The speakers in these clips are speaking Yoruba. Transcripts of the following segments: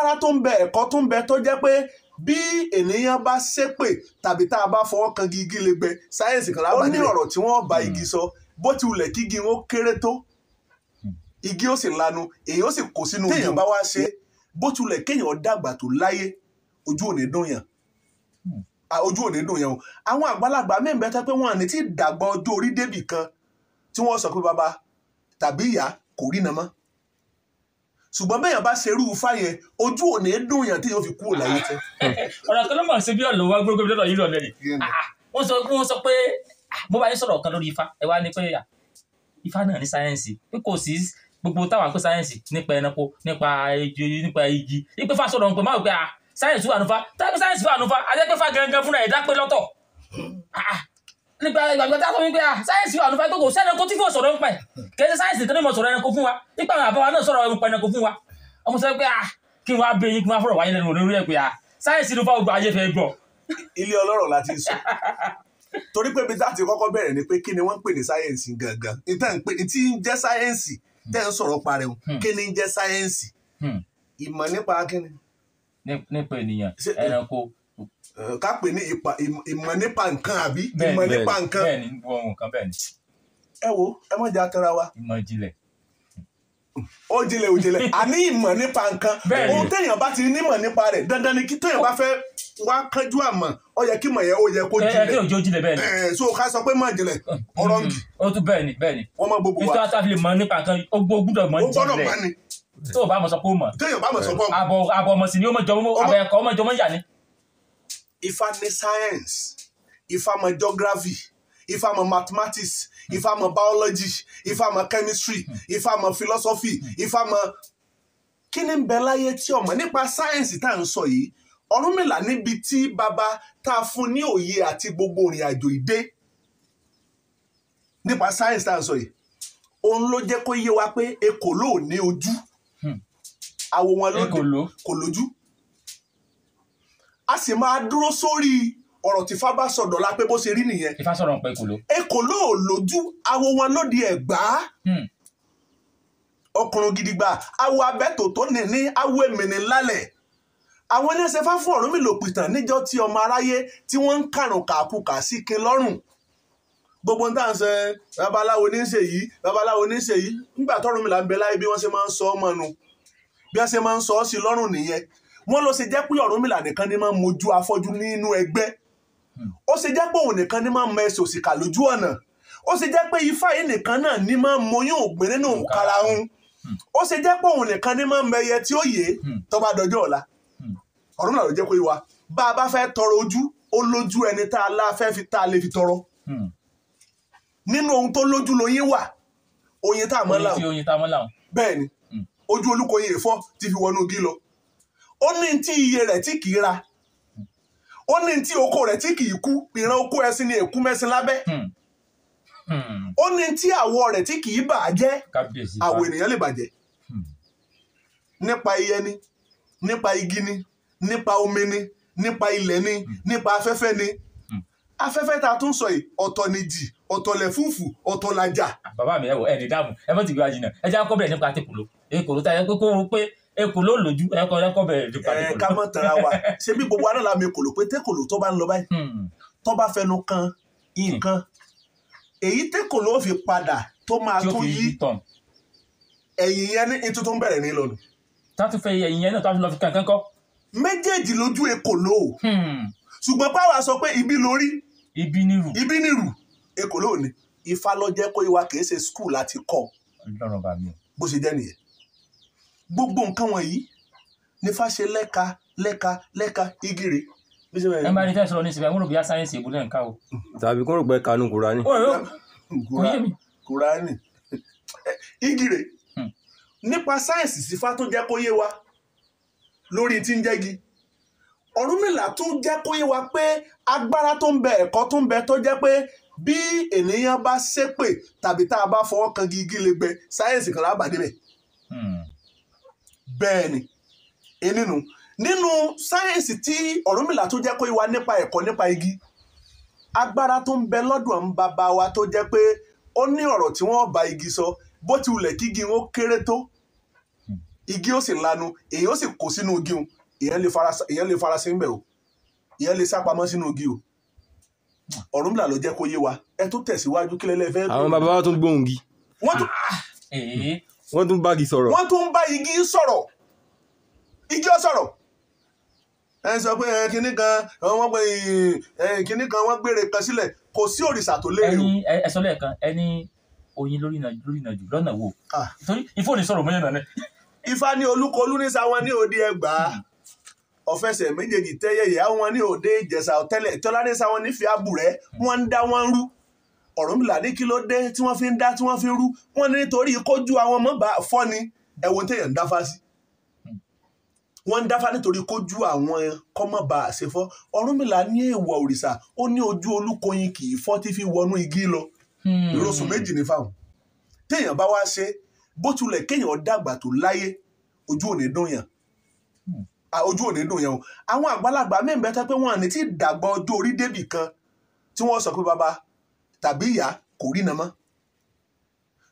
agbára tó ń bẹ ẹ̀kọ́ tó ń bẹ tó jẹ́ pé bí ènìyàn bá ṣépè tàbí tá a bá fọwọ́ kan igi legbe sáyẹ́nsì kan lábàdé ó ní ọ̀rọ̀ tí wọ́n bá hmm. igi sọ bó ti wulẹ̀ kí igi wọn kéré tó hmm. igi ó sì lanu èyí ó sì kó sínú téèyàn bá wá ṣe bó ti wulẹ̀ kéèyàn dàgbà tó láyé ojú ò dùn yàn hmm. ojú ò dùn yàn o àwọn àgbàlagbà mẹ́rin bẹ́tẹ́ pé wọ́n ní ti dàgbà ọjọ́ orí débì kan tí wọ́n sọ pé baba tàbí ìyá kò rí na ṣùgbọ́n bẹ́yàn bá ṣerú ifá yẹn ojú ò ní dùn yàn tí yóò fi kúrò láyé tẹ́. ọ̀rọ̀ kan ló mọ̀ sí bí ọ̀nà wa gbogbo ìdọ̀dọ̀ yìí lọ́lẹ̀ yìí ah, ah, wọ́n sọ wọ́n sọ pé bó ah, bá yín sọ̀rọ̀ kan lórí ifá ẹ wá ní pé ifá náà ní sáyẹ́ǹsì pé kò sí gbogbo táwọn àpè sáyẹ́ǹsì nípa ẹranko nípa ejò nípa igi ipe fa sọ̀rọ̀ nǹkan máa gbé sáyẹ́ǹsì wà nufa táyà pé wà nufa àti pé fa gangan fúnra ẹ̀dá pé lọ́tọ̀ nípa ìgbàgbọ́ tá a sọ wípé ah, sáyẹ́nsì wà nípa gbogbo sẹ́ni ẹranko tí kò sọ̀rọ̀ nípa kì í ṣe sáyẹ́nsì tó ní mọ̀ sọ̀rọ̀ ẹranko fún wa nípa àwọn àbáwá náà sọ̀rọ̀ nípa ẹranko fún wa ọmọ sọ pé ah, kí n wá bẹ yín kí n wá fọ̀rọ̀ wáyé lẹ́nu lórí ẹ̀ pé ah, sáyẹ́nsì ló bá gbogbo ayé fẹ́ gbọ́. ilé ọlọ́rọ̀ la sọ torí pé bíi láti kọ́kọ́ bẹ̀rẹ̀ ni pé kí ni wọ́n pè ní sáyẹ́nsì gangan tí ń jẹ́ sáyẹ́nsì hmm. tẹ́ ń sọ̀rọ̀ parẹ́ hmm. kí ni ń jẹ́ sáyẹ́nsì hmm. ìmọ̀ nípa kí ni. nípa ènìyàn ẹranko Eh, ká pè ní ìmọ̀ nípa nǹkan àbí ìmọ̀ nípa nǹkan. bẹ́ẹ̀ni ohun kan bẹ́ẹ̀ni. ẹ wo ẹ mọ̀ jẹ́ atanra wa. ìmọ̀ jinlẹ̀. ó jinlẹ̀ ó jinlẹ̀ a ní ìmọ̀ nípa nǹkan ohun téèyàn bá ti nímọ̀ nípa rẹ̀ dandan ni kí téèyàn bá fẹ́ wá kánjú àmọ́ ó yẹ kí mọ̀ yẹn ó yẹ kó jinlẹ̀. ẹ ẹ kí o jinlẹ̀ bẹ́ẹ̀ ni. Eh, so ká sọ pé mọ̀ jinlẹ̀ ọ̀rọ̀ ń bì. ó tún bẹ́ẹ̀ ni bẹ́ẹ̀ ni. wọ́n mọ gbogbo wa. ìtọ́ àtàfilè mọ̀ nípa nǹkan ó gbọ́dọ̀ mọ̀ jinlẹ̀ tó o bá mọ̀ sọ pé o mọ̀. téèyàn bá mọ̀ sọ pé o mọ̀. àbọ̀ àbọ̀ ọmọ sì ni ó mọ̀ jọmọ́ àbẹ̀kọ́ ọmọ jọmọ́ yà ni. If I'm a science if I'm a geography if I'm a mathematics if I'm a biology if I'm a chemistry if I'm a philosophy if I'm a, ni ń bẹ láyé tí science nípa sáyẹ̀nsì tá à ń sọ yìí Ọ̀rúnmìlà baba tá a fún ní òye àti gbogbo ìrìn àjò ìdé nípa sáyẹ̀nsì tá à ń sọ yìí òun ló jẹ́ kó yé wa pé ekòló ò ní ojú hmm. àwọ̀ wọn kò lójú a sì máa dúró sórí ọ̀rọ̀ tí fábà sọ̀dọ̀ la pé bó ṣe rí nìyẹn. ìfá sọ̀rọ̀ ń pẹ́ kò ló. ekòló ò lójú awo wọn lóde ẹ̀gbá hmm. ọkùnrin gidigba awo abẹ́tò tó ní ní awo èmìnì lálẹ̀ àwọn ní ẹsẹ̀ fáfún ọ̀rọ̀ mi lò pìtàn níjọ́ tí ọmọ aráyé tí wọ́n ń kàrùn kàkùkà sí kin lọ́rùn gbogbo ń tàn sẹ babaláwo ní í ṣe yìí babaláwo ní ṣe yìí nígbà tọrùn mi là ń bẹ láyé bí wọ́n ṣe máa ń sọ ọmọ nu bí wọ́n ṣe máa ń sọ ọ sí lọ́rùn nìyẹn wọ́n ló ṣe jẹ́ pé Ọ̀rúnmìlà nìkan ni máa ń mojú afọ́jú nínú ẹgbẹ́ ó ṣe jẹ́ pé òun nìkan ni máa ń mọ ẹsẹ̀ òṣìkà lójú ọ̀nà ó ṣe jẹ́ pé ifá yìí nìkan náà ni máa ń moyún ògbìn nínú karahun hmm. ó ṣe jẹ́ pé òun nìkan ni máa ń mẹyẹ tí ó yé hmm. tó bá dọjọ́ ọ̀la hmm. ló jẹ́ pé wa bá a bá fẹ́ tọrọ ojú ó lójú ẹni tá a lá fẹ́ fi tá a lè fi tọrọ nínú ohun tó lójú lóyin wà oyin tá a mọ́ láwọn bẹ́ẹ̀ ojú olúkoyin èèfọ́ ti fi wọnú gí lọ ó ní tí iye rẹ̀ tí kì í ra ó ní tí oko rẹ̀ tí kì í kú ìran oko ẹṣin ni èkú mẹ́sìn lábẹ́ hmm. Hmm. ó ní tí àwọ̀ rẹ̀ tí kì í bà á jẹ́ àwọ̀ ènìyàn lè bàjẹ́ hmm. nípa iye ni nípa igi ni nípa omi ni nípa ilẹ̀ ni nípa afẹ́fẹ́ ni afẹ́fẹ́ ta tún sọ yìí ọ̀tọ̀ ni jì ọ̀tọ̀ lẹ̀ fúfù ọ̀tọ̀ lajà. bàbá mi ẹ wò ẹ ní dáàmú ẹ mọ̀ tí gbé wa jìnnà ẹ jẹ́ àkọ́bẹ̀rẹ̀ nípa tèkòló èkòló ta yẹ pé kó o rò pé ekò ló lójú ẹkọ ẹkọ bẹ̀rẹ̀ ju pàdé kòló. ẹ ká mọ̀ tẹ̀ra wa ṣé bí gbogbo aná la mi kòló pé tẹ́kòló tó bá ń lọ báyìí hmm. tó bá fẹnu kan nǹkan èyí tẹ́kòló fi padà tó máa tún yí ẹ̀yìn yẹn ní tuntun bẹ̀rẹ̀ ní lọ́nu. tá a tún fẹ́ ẹ̀yìn yẹn náà tá a tún lọ fi kankan kọ́. méjèèjì lójú ekòló hmm. ṣùgbọ́n báwa sọ pé ibi lórí ibi nírù ibi nírù ekòló ni ifá ló jẹ́ kó ìwà kìí ṣe skul láti kọ́ bó ṣe jẹ́ nìyẹn gbogbo nǹkan wọ̀nyí ní fàṣẹ lẹ́ka lẹ́ka lẹ́ka igi rè ẹ bá rí tẹ́sán lọ ní ìsìnkú àwọn olùbíyà sáyẹ́nsì ìbúlé nǹkan o. tàbí kó rò pé kanu kúránì. kúránì igi rè hmm. nípa sáyẹ́nsì sífá tó jẹ́ kó yé wa lórí tí ń jẹ́gi Ọ̀rúnmìlà tún jẹ́ kó yé wa pé agbára tó ń bẹ ẹ̀kọ́ tó ń bẹ tó jẹ́ pé bí ènìyàn bá ṣépè tàbí tá a bá fọwọ́ kan gigi lè gbẹ sáyẹ́nsì kan lábàdé bẹ̀. Hmm bẹ́ẹ̀ ni elinu nínú sáyẹ̀nsì tí Ọ̀rúnmìlà tó jẹ́ kó wá nípa ẹ̀kọ́ nípa igi agbára tó ń bẹ lọ́dọ̀ ń bàbá wa tó jẹ́ pé ó ní ọ̀rọ̀ tí wọ́n bá igi sọ bó ti wulẹ̀ kí igi wọn kéré tó igi ó sì lanu èèyàn ó sì kó sínú igi o èèyàn lè fara sí mbẹ o èèyàn lè sápamọ́ sínú igi o Ọ̀rúnmìlà ló jẹ́ kó yé wa ẹ tó tẹ̀síwájú kílẹ̀ lẹ́fẹ̀ẹ́. àwọn bàbá wa tó gbóhùn igi. wọ́n tún ah, eh, wọ́n tún bá igi sọ̀rọ̀. wọ́n tún bá igi sọ̀rọ̀ igi ó sọ̀rọ̀ ẹ sọ pé kinní kan wọ́n pè kinní kan wọ́n gbére kan sílẹ̀ kò sí òrìṣà tó léèrè o. ẹni ẹ sọ lẹ́ẹ̀kan ẹni oyin lórí ìnàjú lọ́nà wo nítorí ifo ni sọ̀rọ̀ mọ́yàn náà. ifá ní olúkọlú ní sáwọn ní òde ẹgbàá ọ̀fẹ́sẹ̀ méjèèjì tẹ́yẹ̀yẹ̀ àwọn ní òde ìjẹ̀ṣà tẹ́lẹ̀ tọ́lá ní sáwọn nífẹ̀ẹ́ àbúrẹ́ wọ́n ń dá wọ́n ń rú. Ọ̀rúnmìlà ní kí ló dé tí wọ́n fi ń dá tí wọ́n fi rú wọ́n ní nítorí kójú àwọn ọmọ bá fọ́ ni ẹ̀wọ̀n téèyàn ń dáfá sí wọ́n ń dáfá nítorí kójú àwọn kọ́mọ̀ bá ṣe fọ́ Ọ̀rúnmìlà ní èèwọ̀ òrìṣà ó ní ojú olúkoyin kì í fọ́ tí fi wọnú igi lọ ìrosùn hmm. méjì ní fáwọn téèyàn bá wá ṣe bó tilẹ̀ kéèyàn dàgbà tó láyé ojú ò dùn yàn hmm. ojú ò dùn yàn àwọn àgbàlagbà mẹ́rin pé wọ́n ní tí dàgbà ọjọ́ orí débì kan tí wọ́n sọ pé bàbá tàbí ìyá kò rína mọ́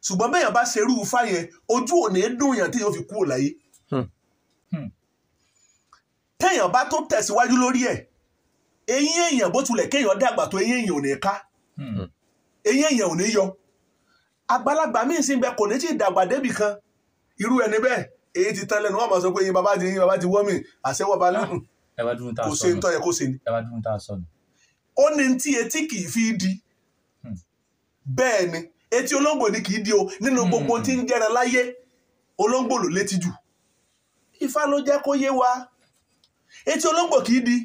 ṣùgbọ́n bẹ́ẹ̀ yẹn bá ṣerú ifá yẹn ojú ò ní dùn yàn tí yóò fi kúrò láyé hmm. Hmm. téèyàn bá tó tẹ̀síwájú lórí ẹ̀ eyín èèyàn bó tulẹ̀ kéèyàn dàgbà tó eyín èèyàn ò ní ká hmm. eyín èèyàn ò ní yọ àgbàlagbà míì sì ń bẹ kò ní tí dàgbà débì kan irú ẹni bẹ́ẹ̀ èyí ti tán lẹ́nu wọ́n máa sọ pé eyín bàbá ti eyín bàbá ti wọ́mì àṣẹwọ́ bá ah, lẹ́nu kò ṣe ń tọ́ yẹ kó ṣe ni ó ní ti etí kì í fi di bẹ́ẹ̀ ni etí olóńgbò ni kì í di o nínú hmm. gbogbo tí ń jẹran láyé olóńgbò ló létí jù ifá ló jẹ́ kó yé wa etí olóńgbò kì í di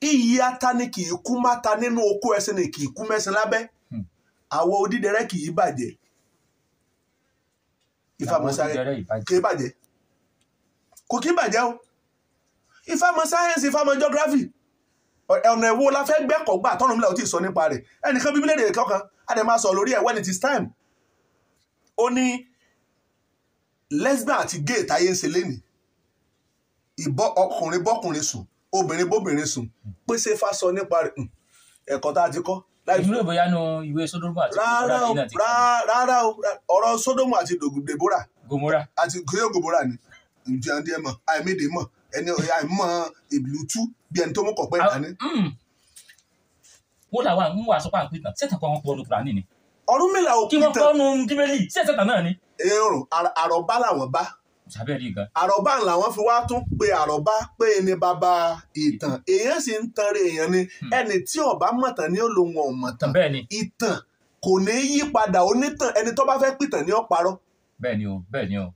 iyì ata ni kì í kú máta nínú okó ẹṣin ni kì í kú mẹ́ṣin lábẹ́ hmm. àwọ̀ odídẹrẹ́ kì í bàjẹ́ ìfàmọ̀sáré kì í bàjẹ́ kò kí bàjẹ́ o ìfàmọ̀ sáyẹ́nsì ìfàmọ̀ geography ọ̀nà ẹ̀wò la fẹ́ gbẹ́kọ̀ọ́ gbà tọ́nà mílẹ̀ ò tí ì sọ nípa rẹ̀ ẹnìkan bíbélì èdè kọ̀ọ̀kan a dẹ̀ máa sọ lórí ẹ̀ when it is time ó ní lesbian àti gay táyé ń ṣe lénìí ìbọ ọkùnrin bọ́kùnrin sùn obìnrin bóbìnrin sùn pèsè fásọ nípa rẹ̀ hmm. ẹ̀kọ́ tá a ti kọ́. ìdúró ìbòyá nu ìwé sódómù àti dèbórà yìí náà ti kọ́. rárá o ọ̀rọ̀ sódómù àti dèbórà. gomora. àti kúyọ̀ gomora ni ǹjẹ́ àdìẹ mọ̀ àìmídìí mọ̀ ẹni àìmọ̀ ìlú tú bí ẹni tó mú kọ̀pẹ́ ìdání wọ́n làwọn àwọn wà sọ́pà àpè tán sẹ́tà kan wọn pọ̀ nù kúránì ni. ọdún mélòó òkú tán kí wọ́n pọ̀ nù bíbélì sí ẹ̀sẹ̀tà náà ni. èrò àròbá làwọn bá. sàbẹ̀rì gan. àròbá làwọn fi wá tún pe àròbá pé ní bàbá ìtàn èèyàn sì ń tan èèyàn ni hmm. ẹni tí ó bá mọ̀tàn ni ó lo wọn ò mọ̀tàn ìtàn kò ní yí padà onítàn ẹni tó bá fẹ́ pìtàn ni ó parọ́. bẹ́ẹ̀ ni o bẹ́ẹ̀ ni o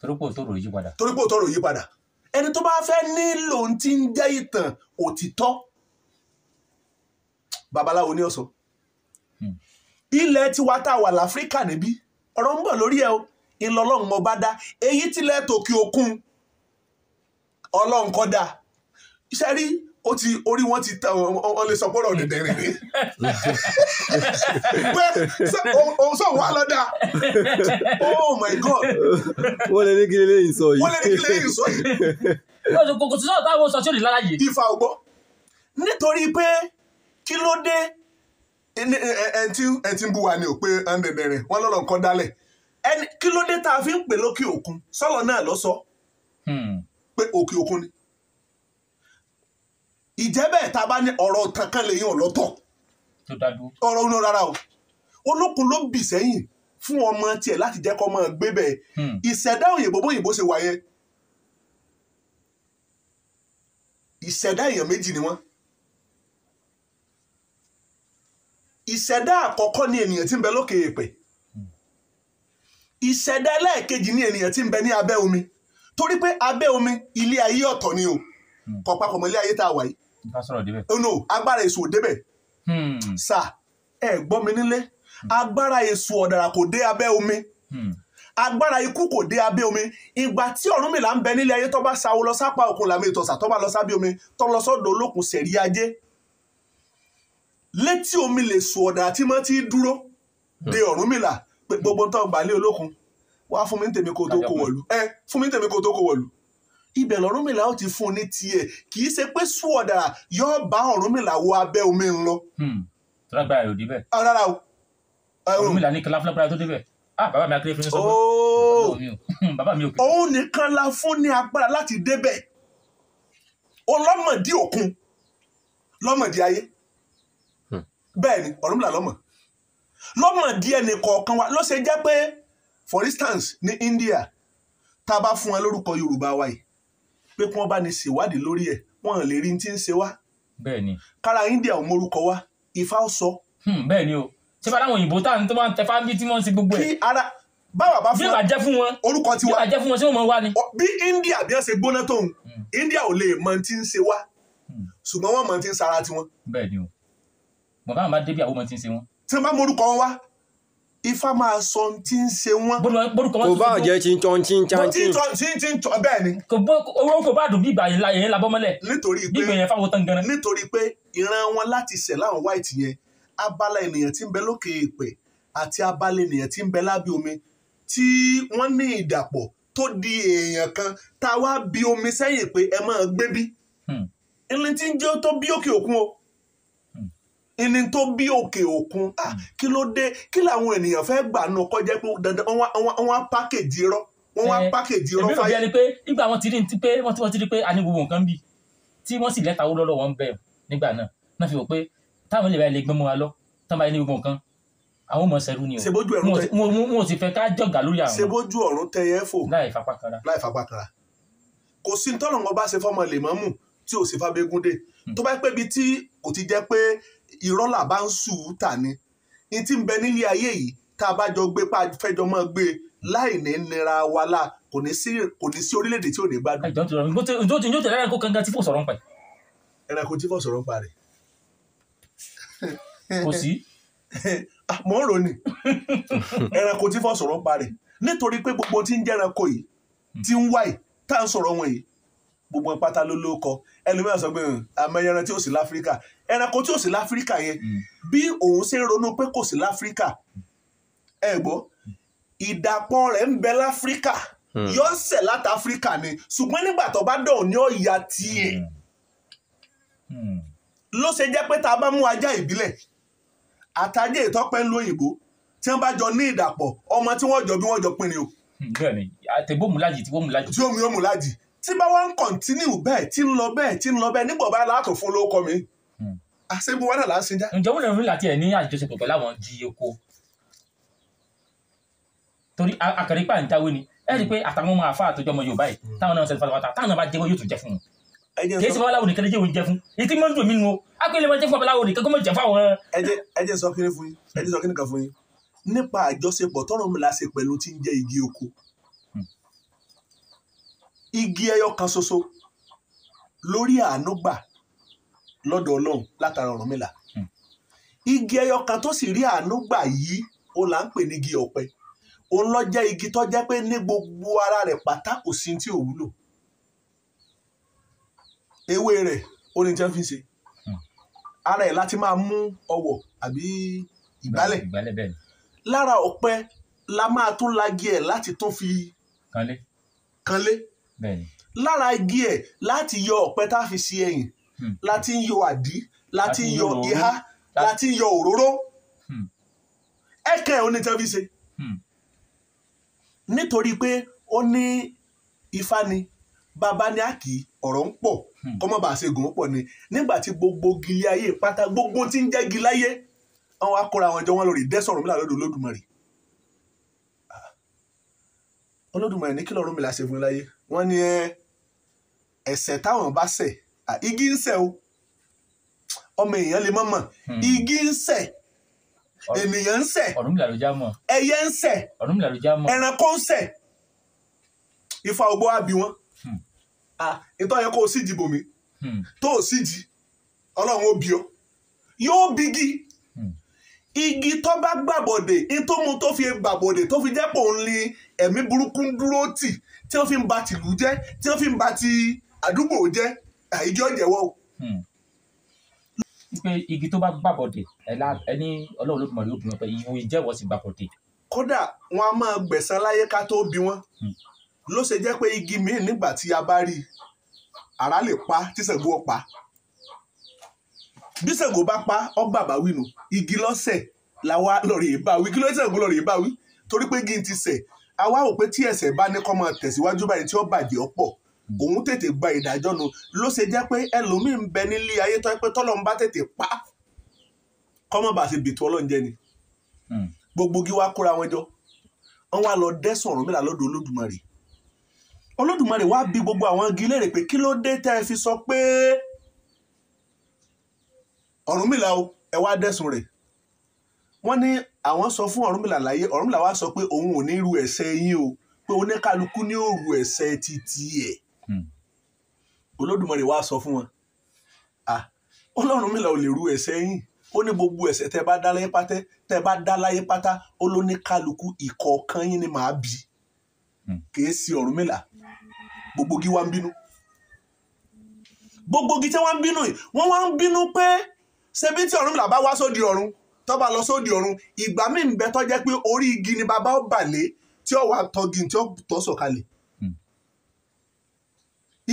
torípò tòrò yí padà. torípò tòrò yí padà ẹni tó bá fẹ́ nílò ti ń jẹ́ ìtàn òtítọ́ babaláwo ní ọ̀sán hmm. ilẹ̀ tiwa tá a wà láfíríkà níbí ọ̀rọ̀ ń bọ̀ lórí ẹ o ìlọ ọlọ́run mo bá dá èyí tilẹ̀ tòkè òkun ọlọ́run kọ́ dá iṣẹ́ rí ó ti orí wọn ti ta wọn lè sọ pọ́nrọ̀ dẹ̀dẹ̀ rẹ̀ rí pé òun sọ wà lọ́dà oh my god. wọ́n lè ní kí lélẹ́yìn sọ yìí. wọ́n lè ní kí lélẹ́yìn sọ yìí. kòkòtò sọ̀rọ̀ táwọn sọ tí ò ní lára yìí. ìfà ògbọ́ nítorí pé kí ló dé ẹ ti ń bú wa ni ò pé ẹnìdẹ̀rìn wọn lọ́rọ̀ nǹkan dálẹ̀ ẹni kí ló dé tá a fi ń pè lókè òkun sọ́lọ̀ náà ló sọ hmm. pé òkè òkun ni ìjẹ́ bẹ́ẹ̀ tá a bá ní ọ̀rọ̀ ọ̀tàn kan lèyìn ọ̀lọ́tọ̀ ọ̀rọ̀ òun rárá o olókun ló bì sẹ́yìn fún ọmọ tiẹ̀ láti jẹ́ kọ́ ọmọ gbé bẹ́ẹ̀ hmm. ìṣẹ̀dá òyìnbó bóyìnbó ṣe wà ìṣẹ̀dá èèyàn méjì ni wọ́n ìṣẹ̀dá àkọ́kọ́ ni ènìyàn tí ń bẹ lókè èèpẹ̀ ìṣẹ̀dá ẹlẹ́ẹ̀kejì ni ènìyàn tí ń bẹ ní abẹ́ omi torí pé abẹ́ omi ilé ayé ọ̀tọ̀ ni o hmm. kò papọ̀ mọ́ ilé ayé tá a wà yìí oh no agbára èso ò débẹ̀ hmm. sà ẹ gbọ́ mi nílé hmm. agbára èso ọ̀dàrà kò dé abẹ́ omi agbára ikú kò dé abẹ́ omi ìgbà tí Ọ̀rúnmìlà ń bẹ nílé ayé tó bá sa o lọ sápá òkun làmì ìtọ̀sà tó bá lọ sábẹ́ omi tó lọ sọ́dọ̀ olókùn sẹ̀rí ajé létí omi lè sùn ọ̀dà tí mo ti dúró de hmm. Ọ̀rúnmìlà pé hmm. gbogbo ń tán gbalẹ̀ olókun wá fún mi tèmi kó tó kó wọ̀lú ẹ fún mi tèmi kó tó kó wọ̀lú ibẹ̀ lọ́rúnmìlà ó ti fún un ní tiẹ̀ kì í ṣe pé sùn ọ̀dà yóò bá Ọ̀rúnmìlà wọ abẹ́ omi ńlọ. Hmm. tọ́lágbá rẹ̀ ò ah, rárá o. Ọ̀rúnmìlà ní kẹlá fúnlágbára tó dé ah bàbá mi akéré fún mi sọ pé oh. bàbá mi ò kéré. òun nìkan la fún ní agbára láti débẹ̀ ọlọ́mọdé òkun lọ́mọdé ayé bẹ́ẹ̀ ni Ọ̀rúnmìlà lọ́mọ lọ́mọ díẹ̀ ní kọ̀ọ̀kan wa ló ṣe jẹ́ pé for instance ní India tá a bá fún wọn lórúkọ Yorùbá wa yìí pé kí wọ́n bá ní ṣèwádìí lórí ẹ̀ wọ́n lè rí ti ń ṣe wá bẹ́ẹ̀ ni kára India ò mórúkọ wa Ifá ó sọ. Hmm, bẹ́ẹ̀ ni o ṣé bá láwọn òyìnbó táwọn tó máa ń tẹfá bí tí wọ́n ń ṣe gbogbo ẹ̀. kí ara báwa bá fún wa bí ìbàjẹ́ fún wọn orúkọ tiwa bí ìbàjẹ́ fún wọn ṣé wọ́n mọ̀ wá ni. bí India bí wọ́n ṣe gbóná tóun hmm. India ò lè mọ ti ń ṣe wá hmm. ṣùgbọ́n wọ́n mọ ti ń sara tiwọn. bẹ́ẹ̀ ni o bàbá àwọn bá débi àwọn ọmọ tí ń ṣe wọn. tí wọ́n bá morúkọ wọn wá ifá máa sọ tí ń ṣe wọn. kò bá jẹ́ tí ń tọ́ tí ń tọ́ tí ń tí ń tí ń tọ́ bẹ́ẹ̀ ni. kò bó owó kò bá dùn bí ìgbà yẹn labọ́ mọ́lẹ̀. nítorí pé bí ìgbà fáwọn tán gan nítorí pé ìran wọn láti ṣẹ̀ láwọn white yẹn abala ènìyàn tí ń bẹ lókè èèpẹ̀ àti abala ènìyàn tí ń bẹ lábẹ́ omi tí wọ́n ní ìdàpọ̀ tó di èèyàn kan tá bi omi sẹ́yìn pé ẹ máa gbé bí. ilé hmm. tí ń jẹ́ tó bí òkè òkun o ẹni tó bí òkè òkun hmm. kí ló dé kí làwọn ènìyàn fẹ́ gbà nù kọjá pé dandan wọ́n wá pákéjì rọ́ wọ́n wá pákéjì rọ́ eh, fáyé. èmi ò bí ẹni pé nígbà wọn ti rí ti pé wọ́n ti wọ́n ti rí pé a ní gbogbo nǹkan bì tí wọ́n sì lẹ́tàwó lọ́dọ̀ wọn bẹ̀ nígbà náà náà fi wò pé táwọn ilé ìbáyìí lè gbọ́n wa lọ táwọn báyìí ní gbogbo nǹkan àwọn ọmọ ṣẹlú ni o ṣebójú ọ̀run tẹ wọn ò sì fẹ́ ká jọ̀gà lórí àwọn ṣebójú ọ̀run tẹ yẹn fò láì fapá kanra láì fapá kanra kò sí ní tọ́lọ̀ wọn bá ṣe fọmọ lèmọ́mù tí ò sì fábẹ́gúndé hmm. tó bá pẹ́ bi tí kò ti jẹ́ pé irọ́ làbá ń sùúta ni ní tí ń bẹ nílé ayé yìí tá a bá jọ gbé pa fẹjọ mọ gbé láì ní nira wa la kò ní sí kò ní sí orílẹ̀-èdè tí ò ní gbádùn. ìjọ tẹ̀lé ìjọ tẹ̀lé ìjọ tẹ̀lé ẹranko kankan tí fò sọ̀rọ̀ ń pa ẹ̀. ẹranko tí fò sọ̀rọ̀ ń pa rẹ̀. kò sí. Ah, mò ń rò ní ẹranko tí fò sọ̀rọ̀ ń pa rẹ̀ nítorí pé gbogbo tí ń jẹ́ ẹranko yìí tí ń wáyì tá à ń sọ̀rọ̀ wọn yìí gbogbo pátá ló ló ẹlòmíràn sọ pé àmọ́ hmm, ẹran tí ò sí láfíríkà ẹranko tí ò sí láfíríkà yẹn hmm. bí òun ṣe ronú pé kò sí láfíríkà ẹ gbọ́ ìdàpọ̀ rẹ̀ ń bẹ láfíríkà hmm. yóò ṣẹ̀ láti áfíríkà ni ṣùgbọ́n nígbà tó bá dọ̀ọ́ ní ọ̀yà tiẹ̀ ló ṣe jẹ́ pé tá a bá mú ajá ìbílẹ̀ àtàjẹ́ ìtọ́pẹ́ ń lo òyìnbó tí wọ́n bá jọ ní ìdàpọ̀ ọmọ tí wọ́n jọ bí wọ́n jọ pinrin o. bẹ́ẹ̀ni tí wọ́n mú lájì. tí ó mú yóò mú lájì tí bá wá ń kọ̀ntínú bẹ́ẹ̀ tí ń lọ bẹ́ẹ̀ tí ń lọ bẹ́ẹ̀ nígbà bá láàtò fún olóko mi hmm. àṣegun wọn náà là á sin já. ǹjẹ́ wọ́n lè rìn láti ẹ̀ ní àjọṣepọ̀ pẹ̀lú àwọn jí oko torí àkàrípà ń jáwé ni ẹ rí i pé àtàwọn ọmọ àfa àtọjọ ọmọ Yorùbá yìí táwọn náà ń sẹ́ni pátápátá táwọn náà bá jẹ́wọ́ yóò tún jẹ́ fún wọn kì í ṣe báwo nìkan jẹ́ òun jẹ fún ìtí mọ́ ń dùn mí nu o akéèlé máa jẹ́ fún babaláwo nìkan kó mọ̀ jẹ́ fún àwọn. ẹ jẹ́ sọ kí ni kan fún yín nípa àjọṣepọ̀ tọ́rọ̀ mi la ṣe pẹ̀lú tí ń jẹ́ igi oko igi ẹyọ kan ṣoṣo lórí àánú gbà lọ́dọ̀ ọlọ́run látara Ọ̀rúnmìlà hmm. igi ẹyọ kan tó sì rí àánú gbà yìí ó là ń pè ní igi ọ̀pẹ òun lọ jẹ́ igi tó jẹ́ pé ní gbogbo ara rẹ̀ pátá kò sí tí ò wúlò ewé rẹ̀ ó ní tí fi ṣe hmm. ara ẹ̀ láti máa mú ọwọ̀ àbí ìgbálẹ̀ lára ọ̀pẹ la máa tún lagi ẹ̀ láti tún fi kanlé lára igi ẹ̀ láti yọ ọ̀pẹ tá a fi ṣe ẹ̀yìn hmm. láti ń yọ àdí láti ń yọ ihá láti ń yọ òróró hmm. ẹ̀kẹ́ onítẹ̀bíṣe hmm. nítorí pé ó ní ifá ni bàbá ní àkì ọ̀rọ̀ ń pọ̀ kọ́mọ́ bá a ṣe gùn pọ̀ ni nígbà tí gbogbo gilé ayé pátá gbogbo tí ń jẹ́ gilé ayé àwọn akóra àwọn ìjọ wọn lórí dẹ́sọ̀rọ̀ mi làlódò Olódùmarè ah. Olódùmarè ní kí lọ́rùn mi là ṣe fún láyé wọ́n ní ẹ ẹ̀ṣẹ̀ táwọn bá ṣẹ̀ igi ń ṣẹ̀ o ọmọ èèyàn lè mọ̀mọ̀ hmm. igi ń ṣẹ̀ ènìyàn ń ṣẹ̀ ẹyẹ ń ṣẹ̀ ẹranko ń ṣẹ̀ ifá ogbó àbí wọn hmm. ìtọ́ yẹ kó o sì dìbò mi tó o sì jí ọlọ́run ó bí ọ yóò bigi hmm. igi tó bá gbàbọ̀dè ìtòmù tó fi gbàbọ̀dè tó fi jẹ́ pò ń ẹ̀mí burúkú dúró tì tí wọ́n fi ń ba tìlú jẹ́ tí wọ́n fi ń ba ti àdúgbò jẹ́ àìjọ jẹ́wọ́ o. Hmm. pé igi tó bá gbàbọ̀dẹ̀ ẹni ọlọ́run ló fi mọ̀lẹ́ obìnrin pé ìwé ìjẹ́wọ́ sì gbàbọ̀dẹ̀. kódà wọn a máa gbẹ̀san láyé ká tó bí wọn hmm. ló ṣe jẹ́ pé igi míì nígbà tí a bá rí ara lè pa tí Ṣàngó pa bí Ṣàngó bá pa ọgbà bá wí nù igi lọ́sẹ̀ làwa lọ́ọ̀rì ìbáwí kí ló ń Ṣàngó lọ́ọ̀rì ìbáwí torí pé igi ti sẹ̀ àwa ò pé tí ẹsẹ̀ bá ní kọ́ máa tẹ̀síwájú báyìí tí ó bàjẹ́ ọ̀pọ̀ òun tètè gba ìdájọ́ nu ló ṣe jẹ́ pé ẹlòmíín bẹ nílé ayé tó pé tọ́lọ́run bá tètè pa kọ́mọ̀ bá ṣe bìtú ọlọ́njẹ ni hmm. gbogbo gí wá kóra wọn jọ wọn wá lọ dẹ́sùn Ọ̀rúnmìlà lọ́dọ̀ Olódùmarè Olódùmarè wá bi gbogbo àwọn igi léèrè pé kí ló dé tẹ́ ẹ fi sọ pé Ọ̀rúnmìlà o ẹ wá dẹ́sùn rẹ̀ wọ́n ní àwọn sọ fún Ọ̀rúnmìlà láyé Ọ̀rúnmìlà wá sọ pé òun ò ní ru ẹ̀ṣẹ̀ yín o pé oníkálukú ní ó ru ẹ̀ṣẹ̀ títí ẹ̀ hmm. Olódùmarè wá sọ fún wọn Ọlọ́runmìlà ò lè ru ẹ̀ṣẹ̀ yín ó ní gbogbo ẹ̀ṣẹ̀ tẹ́ bá dá láyé pátá tẹ́ bá dá láyé pátá ó ló ní kálukú ìkọ̀ọ̀kan yín ni màá bì hmm. kìí sí Ọ̀rúnmìlà gbogbo gí wá ń bínú gbogbo gí tí wọ́n ń bínú yìí wọ́n wá ń bínú pé ṣebí tí Ọ̀rúnmìlà bá wá sódì ọ̀run tó lọ sóde ọ̀run ìgbà míì bẹ tó jẹ́ pé orí igi ni bàbá ó bàlé tí ó wà tọ́gi tí ó tọ́ sọ̀kalẹ̀ hmm.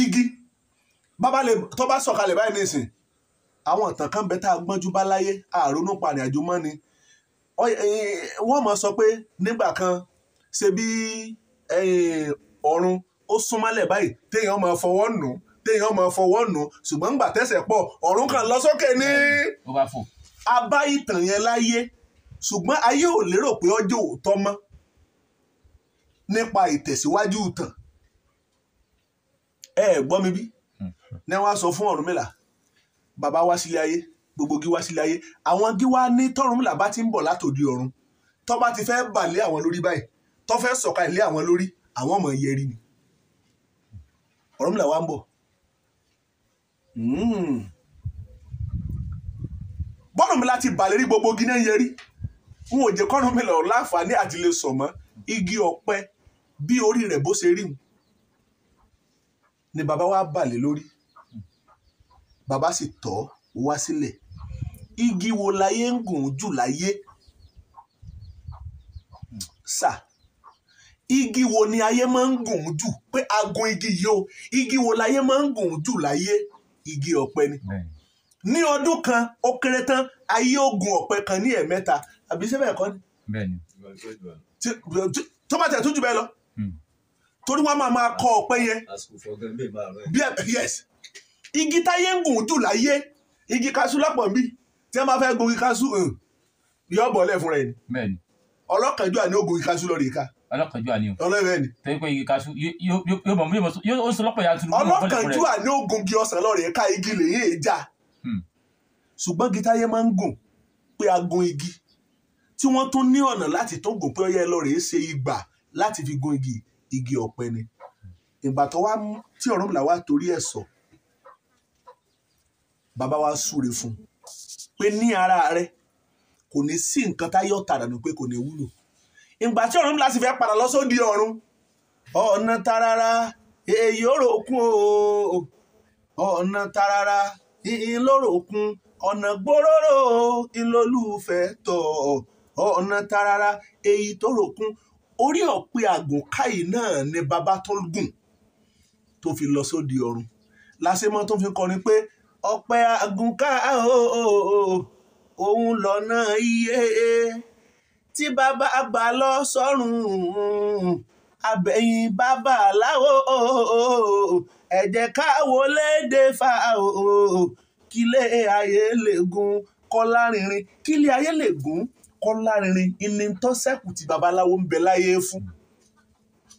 igi bàbá lè tó bá báyìí nìsín àwọn ìtàn kan bẹ tá a gbọ́njú bá láyé àrònú pàrìn mọ́ ni wọ́n mọ̀ sọ pé nígbà kan ṣe bí ọ̀run ó súnmọ́lẹ̀ báyìí téèyàn máa fọwọ́ nù téèyàn máa fọwọ́ nù ṣùgbọ́n ńgbà pọ̀ ọ̀run kan lọ sókè ní. ó bá fò a bá ìtàn yẹn láyé ṣùgbọ́n ayé ò lérò pé ọjọ́ òótọ́ mọ́ nípa ìtẹ̀síwájú ìtàn ẹ gbọ́ mi bí hmm. ní wọ́n á sọ fún Ọ̀rúnmìlà bàbá wá sílé ayé gbogbo gí wá sílé ayé àwọn gí wá ní tọ́rùnmìlà bá ti ń bọ̀ látòdì ọ̀run tó bá ti fẹ́ bà àwọn lórí báyìí tó fẹ́ sọ̀ka ilé àwọn lórí àwọn ọmọ yẹri ni Ọ̀rúnmìlà wá ń bọ̀. Hmm bọ́ọ̀nù mi láti bà lérí gbogbo igi náà yẹrí n ò jẹ́ kọ́run mi lọ láǹfààní àti lè sọ̀ mọ́ igi ọ̀pẹ bí orí rẹ̀ bó ṣe rí mu ni bàbá wa bà lórí bàbá sì tọ́ wá sílẹ̀ igi wo láyé ń gùn jù láyé sà igi wo ni ayé máa ń gùn jù pé agun igi yìí o igi wo láyé máa ń gùn jù láyé igi ọ̀pẹ ni. Mm ní ọdún kan ó kéré tán ayé ogun ọ̀pẹ kan ní ẹ̀mẹ́ta àbí sẹ́fẹ̀ ẹ̀kọ́ ni. bẹ́ẹ̀ni tó bá tẹ̀ tó jù bẹ́ẹ̀ lọ hmm. torí wọ́n máa máa kọ ọ̀pẹ yẹn bí ẹ yes igi táyé ń gùn jù láyé igi kaṣú lápọ̀ bí tí wọ́n bá fẹ́ gun igi kaṣú yọ bọ̀ lẹ̀ fúnra ẹ̀ ni ọlọ́kànjú àní ogun igi kaṣú lórí ìka ọlọ́kànjú àní o ọlọ́rẹ́ ni torí pé igi kaṣú yóò mọ̀ yóò sọ lọ́pọ̀ yàtúrú ọlọ́kànjú àní ogun igi ọsàn lórí ìka igi lè yé e já Hmm. ṣùgbọ́n gitaye máa ń gùn pé a igi tí wọ́n tún ní ọ̀nà láti tó gùn pé ó lọ rèé ṣe ìgbà láti fi gun igi igi ọ̀pẹ ni ìgbà tó wá mú tí Ọ̀rúnmìlà wá torí ẹ̀ sọ bàbá wa súre fún un pé ní ara rẹ kò ní sí nǹkan táyọ̀ tàdánù pé kò ní wúlò ìgbà tí Ọ̀rúnmìlà sì fẹ́ padà lọ sódì ọ̀run ọ̀nà tarara èyí ò rò kún o ọ̀nà tarara ìlóròkun ọ̀nà gbòòrò ìlólùfẹ́ tọ̀ ọ̀nà tààrà èyí tó ròkun orí ọ̀pẹ àgùnkáyì náà ni bàbá tó gùn tó fi lọ sóde ọ̀run lásìmọ́ tó fi kọrin pé ọ̀pẹ àgùnká òun lọ́nà iye tí bàbá àgbà lọ sọ́run abẹ́yìn bàbá aláwo ẹ jẹ́ ká wọlé dé fà o kílé ayé lè gun kọ́lá rinrin kílé ayé lè gun kọ́lá rinrin ìní tó sẹ́kù tí babaláwo ń bẹ láyé fún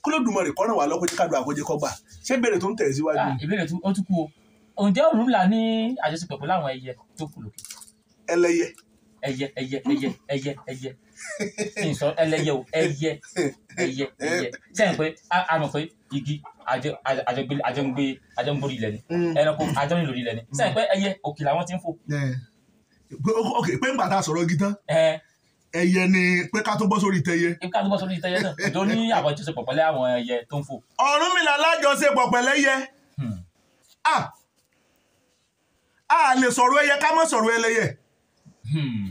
kólódùmarè kọ́nà wà lọ́kọ́jẹ́ kádùn àkọ́jẹ́ kọ́gbà ṣé béèrè tó ń tẹ̀ síwájú. Ah, ìbéèrè tó tún kú o ǹjẹ́ òrùlà ní àjọṣepọ̀ pẹ̀lú àwọn ẹyẹ tó kù lókè. ẹlẹyẹ. ẹyẹ ẹyẹ ẹyẹ ẹyẹ ẹyẹ ǹsọ ẹlẹyẹ o ẹyẹ ẹyẹ ẹyẹ sẹ́yìn pé a mọ̀ pé igi àjọgbé àjọgbórí ilẹ̀ ni mm. ẹranko àjọrin lórí ilẹ̀ ni sẹ́yìn pé ẹyẹ òkè làwọn ti ń fò. ok pé ń bàtà sọ̀rọ̀ igi tán ẹyẹ ni pé ká tó bọ́ sórí ìtẹyẹ. ká tó bọ́ sórí ìtẹyẹ náà ìjọ ní àbọ̀jọsẹpọ̀ pẹ̀lẹ́ àwọn ẹyẹ tó ń fò. Ọ̀rúnmìlà lájọṣepọ̀ pẹ̀lẹ́ yẹ hmm. a lè sọ̀rọ̀ ẹyẹ ká má sọ̀rọ̀ ẹlẹ́yẹ hmm.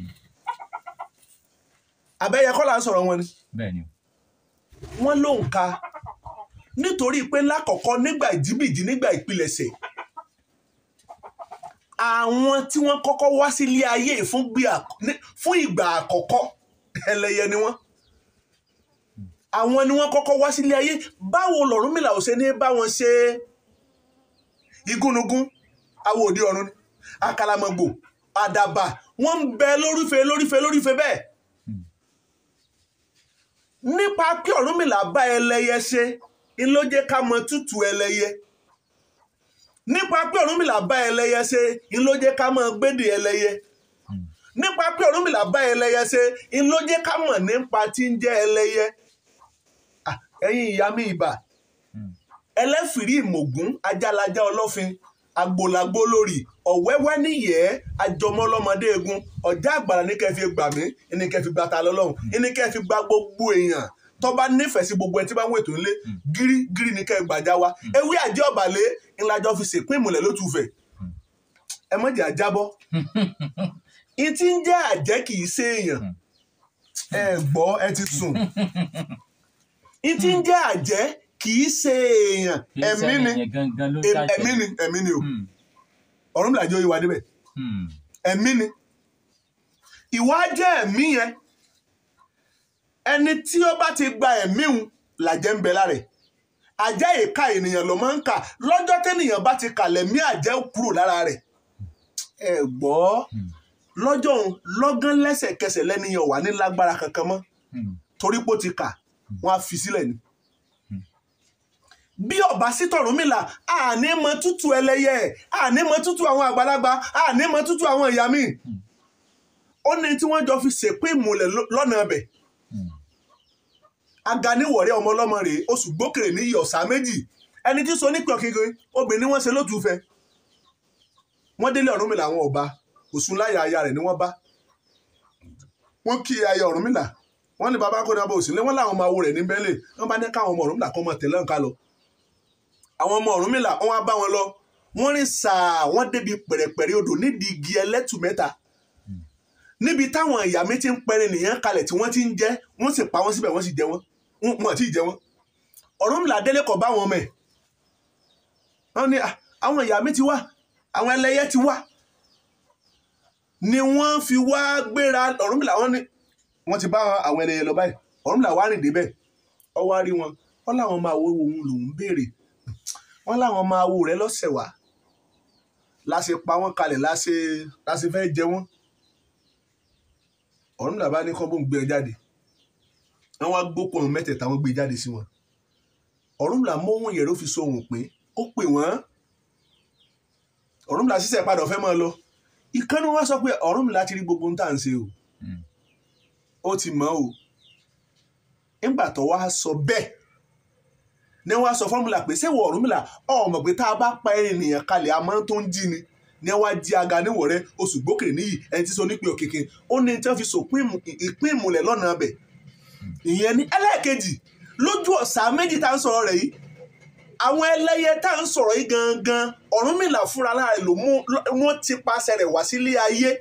àbẹ́yẹ kọ́ là ń sọ̀rọ̀ wọn ni wọ́n lóǹkà nítorí pé lákọ̀ọ́kọ́ nígbà ìdíbìdì nígbà ìpilẹ̀ṣẹ̀ àwọn tí wọ́n kọ́kọ́ wá sílé ayé fún ìgbà àkọ́kọ́ ẹlẹ́yẹ ni wọ́n àwọn ni wọ́n kọ́kọ́ wá sílé ayé báwo l'Ọ̀rúnmìlà ò ṣe ní bá wọn ṣe igúnnugún awo òde ọ̀run àkàlàmọ̀gbò àdàbà wọ́n ń bẹ lórúfẹ́ lórúfẹ́ lórúfẹ́ bẹ́ẹ̀ nípa pé Ọ̀rúnmìlà bá ẹlẹ́yẹ ṣe ń ló jẹ́ ká mọ tútù ẹlẹ́yẹ nípa pé Ọ̀rúnmìlà bá ẹlẹ́yẹ ṣe ń ló jẹ́ ká mọ gbédè ẹlẹ́yẹ nípa pé Ọ̀rúnmìlà bá ẹlẹ́yẹ ṣe ń ló jẹ́ ká mọ̀ nípa tí ń jẹ́ ẹlẹ́yẹ ẹ̀yin ìyá mi ìbà ẹlẹ́fìrí ìmọ̀gún ajálajá ọlọ́fin agbolagbo lórí ọ̀wẹ́wẹ́ níyẹ́ àjọmọ́lọ́mọdé egun ọ̀já àgbàrá ní kẹfì gbà mí kẹfì gbàtà lọ́lọ́run ní kẹfì gbà gbogbo èèyàn tó bá nífẹ̀ẹ́ sí gbogbo ẹni tí bá ń wò ètò ńlé hmm. gírí gírí ní kẹ́ ẹ gbàjá wa hmm. ewé àjẹ́ ọ̀bàlẹ́ ńlájọ́ fi ṣèpín ìmùlẹ̀ lótùfẹ̀ hmm. ẹ mọ̀jẹ̀ àjábọ́ ìtí ń jẹ́ àjẹ́ kì í ṣe èèyàn ẹ gbọ́ ẹ ti sùn ìtí ń jẹ́ àjẹ́ kì í ṣe èèyàn ẹ̀mí ni ẹ̀mí ni ẹ̀mí ni o ọ̀run làjọ yìí wá débẹ̀ ẹ̀mí ni ìwà ẹ̀mí yẹn ẹni tí ó bá ti gba ẹ̀mí òun làjẹ́ ń bẹ lára ẹ̀ àjẹ́ ìka ènìyàn ló máa ń kà lọ́jọ́ tẹ́nìyàn bá ti kàlẹ̀ mí àjẹ́ kúrò lára rẹ̀ ẹ gbọ́ hmm. lọ́jọ́ òun lọ́gán lẹ́sẹ̀kẹsẹ̀ lẹ́nìyàn wà ní lágbára kankan mọ́ hmm. torí pé ó ti kà hmm. wọ́n á fi sílẹ̀ ni bí ọba sí tọ̀rúnmìlà àní mọ tútù ẹlẹ́yẹ àní mọ tútù àwọn àgbàlagbà àní mọ tútù àwọn ìyá mi ó ní tí wọ́n jọ fi ṣèpé ìmùlẹ̀ lọ́nà ọbẹ̀. Hmm aganiwọ̀rẹ́ ọmọ ọlọ́mọ rèé oṣù gbókèrè ní iyọ̀ ọ̀sà méjì ẹni tí so nípìn ọ̀kẹ́gẹ́ obìnrin wọ́n ṣe lótú fẹ́ wọ́n délé Ọ̀rúnmìlà àwọn ọba òsùn láyà aya rẹ̀ ni wọ́n bá wọ́n kí aya Ọ̀rúnmìlà wọ́n ní baba kọ́ni abọ́ òsìnlẹ̀ wọ́n láwọn ọmọ awo rẹ̀ ní bẹ́lẹ̀ wọ́n bá ní káwọn ọmọ Ọ̀rúnmìlà kọ́ mọ tẹ̀lé nǹkan lọ àwọn ọmọ Ọ̀rúnmìlà wọ́n wá bá wọn lọ wọ́n rìn sàá wọ́n débi pẹ̀rẹ̀pẹ̀rẹ̀ odò níbi igi ẹlẹ́tù mẹ́ta níbi táwọn ìyá mi ti ń pẹrin nìyẹn kalẹ̀ tí wọ́n ti ń jẹ wọ́n sì pa wọ́n síbẹ̀ wọ́n sì jẹ wọ́n wọn àti ìjẹ wọn Ọ̀rúnmìlà délé kọ̀ bá wọn mẹ́ wọn ni àwọn ìyá mi ti wá àwọn ẹlẹ́yẹ ti wá ni wọ́n fi wá gbéra Ọ̀rúnmìlà wọn ni wọ́n ti bá àwọn ẹlẹ́yẹ lọ báyìí Ọ̀rúnmìlà wá rìn débẹ̀ ó wá rí wọn wọ́n láwọn máa wo òun lòún béèrè wọ́n láwọn máa wo rẹ lọ́sẹ̀ wá láṣẹ pa wọ́n kalẹ̀ láṣẹ láṣẹ fẹ́ jẹ wọ́n Ọ̀rúnmìlà bá ní kọ́ bóun gbé ẹ jáde àwọn agbókò ọ̀hún mẹ́tẹ̀ẹ̀ta wọ́n gbé e jáde sí wọn ọ̀rúnmìlà mọ́wọ́n yẹn ló fi so òun pé ó pè wọ́n ọ̀rúnmìlà ṣiṣẹ́ padà ọ̀fẹ́ máa lọ ìkànnì wọn sọ pé ọ̀rúnmìlà ti rí gbogbo ohun tá à ń ṣe o hmm. ó ti mọ̀ o nígbà tó wá sọ bẹ́ẹ̀ ní wọ́n á sọ fọ́mùlà pé ṣé wọ̀ ọ̀rúnmìlà ọmọ pé tá a bá pa ènìyàn kalẹ̀ àmọ́ tó ń jí ni ní wọ́n á di aga níwọ̀ rẹ oṣù gbókèrè níyì ẹni tí sọ nípe òkèké ó ní tí wọ́n fi sòpin ìpín ìmùlẹ̀ lọ́nà abẹ̀ ìyẹn ní ẹlẹ́ẹ̀kejì lójú ọ̀sà méjì tá à ń sọ̀rọ̀ rẹ̀ yìí àwọn ẹlẹ́yẹ tá à ń sọ̀rọ̀ yìí gangan Ọ̀rúnmìlà fúnra lára ló mú wọn ti paṣẹ rẹ̀ wá sílé ayé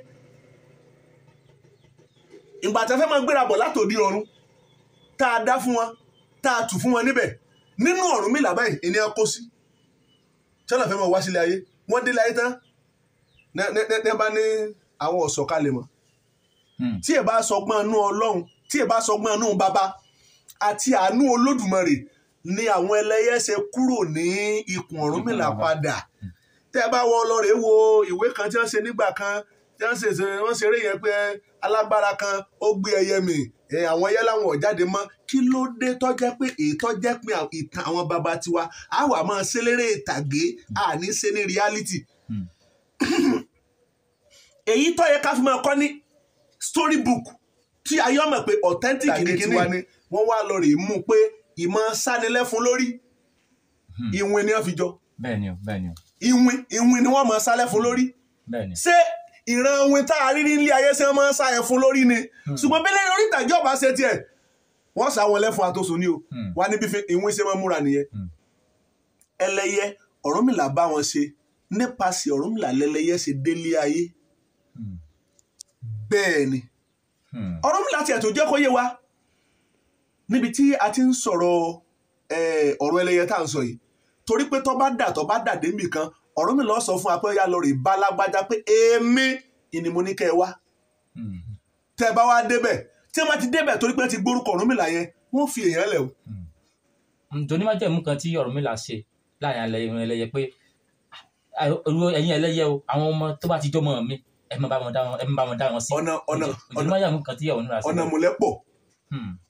ìgbà tá a fẹ́ máa gbéra bọ̀ látòdì ọ̀run tá a dá fún wọn tá a tù fún wọn níbẹ̀ nínú Ọ̀rúnmìlà báyìí ènìyàn kó sí tọ́lá fẹ́ máa wá sílé ayé wọ́n dé láyé tán ní bá ní àwọn ọ̀sọ̀ kalẹ̀ mọ́ hmm. tí ẹ̀ bá sọgbọ́n inú Ọlọ́run tí ì bá sọgbọ́n inú bàbá àti àánú olódùmarè ni àwọn ẹlẹ́yẹ ṣe kúrò ní ikùn Ọ̀rúnmìlà padà tẹ́ bá wọ ọlọ́rẹ̀ wo ìwé kan tí wọ́n ṣe nígbà kan tí wọ́n ṣe wọ́n ṣeré yẹn pé alágbára kan ó gbé ẹyẹ mì àwọn ẹyẹ láwọn ò jáde mọ́ kí ló dé tọ́jẹ́ pé ìtọ́jẹ́ pé ìtàn àwọn baba tiwa á wà máa ṣeléré ìtàgé àní ṣe ní reality hmm. èyí tó yẹ ká fi máa kọ́ ní story book tí ayé ọmọ pé authentic nìkíní wọ́n wá lọ rè mú pé ìmọ̀ sánilẹ́fun lórí hmm. ìwìn ni wọ́n fi jọ ìwìn ìwìn ni wọ́n mọ̀ sálẹ́fun lórí ṣé ìran ohun tá a rí nílé ayé ṣé wọ́n máa ń sá ẹ̀fun lórí ni hmm. ṣùgbọ́n bẹ́lẹ̀ orí ìtàgé ọba ṣe tiẹ̀ wọ́n sá wọn lẹ́fun àtòsùn ni o hmm. wà níbi ìwìn ṣe máa múra nìyẹn ẹlẹ́yẹ Ọ̀rúnmìlà bá wọn ṣe nípasẹ̀ Ọ̀rúnmìlà lẹ́lẹ́yẹ ṣe délé ayé bẹ́ẹ̀ Hmm. Ọ̀rúnmìlà tiẹ̀ tó jẹ́ kó yé wa níbi tí a ti ń sọ̀rọ̀ ọ̀rọ̀ ẹlẹ́yẹ tá à ń sọ yìí torí pé tó bá dà tó bá dà débi kan Ọ̀rúnmìlà sọ fún apẹ́yà lọ rè balagbájá pé èmi ìní mo ní kẹ́ ẹ wá tẹ́ ẹ bá wá débẹ̀ tí wọ́n ti débẹ̀ torí pé ti gbórúkọ Ọ̀rúnmìlà yẹn wọ́n fi èèyàn lẹ̀ o. ǹtọ́ni má jẹ̀mú kan tí Ọ̀rúnmìlà ṣe láàrin ẹlẹ́yẹ pé ah, ẹ̀yin ẹlẹ́yẹ o àwọn ọmọ tó bá ti jọmọ mi ẹ má bá wọn dá wọn ẹ má bá wọn dá wọn sí. ọ̀nà ọ̀nà ọ̀nà hmm. ọ̀nà múlẹ̀ pọ̀